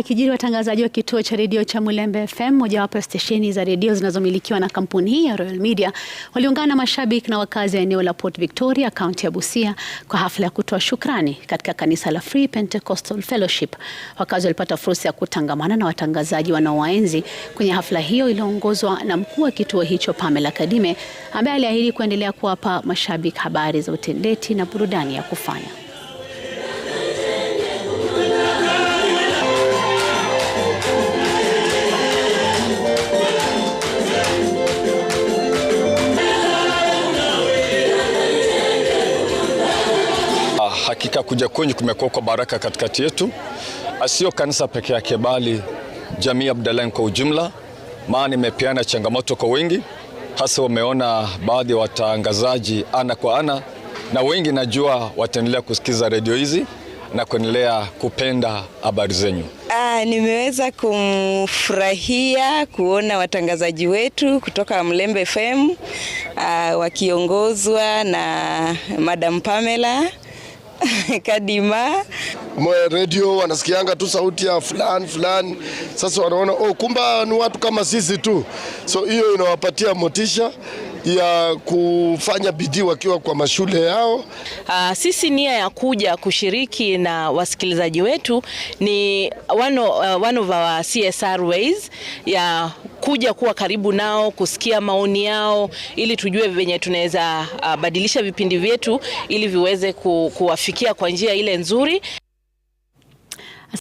akijiri watangazaji wa kituo cha redio cha Mulembe FM, mojawapo ya stesheni za redio zinazomilikiwa na kampuni hii ya Royal Media, waliungana na mashabiki na wakazi wa eneo la Port Victoria, kaunti ya Busia, kwa hafla ya kutoa shukrani katika kanisa la Free Pentecostal Fellowship. Wakazi walipata fursa ya kutangamana na watangazaji wanaowaenzi kwenye hafla hiyo iliyoongozwa na mkuu wa kituo hicho Pamela Kadime, ambaye aliahidi kuendelea kuwapa mashabiki habari za utendeti na burudani ya kufanya Hakika kuja kwenyu kumekuwa kwa baraka katikati yetu, asio kanisa peke yake, bali jamii ya Abdalaim kwa ujumla, maana imepeana changamoto kwa wengi, hasa wameona baadhi ya watangazaji ana kwa ana, na wengi najua wataendelea kusikiza redio hizi na kuendelea kupenda habari zenyu. Ah, nimeweza kumfurahia kuona watangazaji wetu kutoka Mlembe FM ah, wakiongozwa na Madam Pamela Kadima redio wanasikianga tu sauti ya fulani fulani, sasa wanaona oh, kumba ni watu kama sisi tu, so hiyo inawapatia motisha ya kufanya bidii wakiwa kwa mashule yao. Uh, sisi nia ya kuja kushiriki na wasikilizaji wetu ni one, uh, one of our CSR ways ya kuja kuwa karibu nao kusikia maoni yao ili tujue venye tunaweza uh, badilisha vipindi vyetu ili viweze ku, kuwafikia kwa njia ile nzuri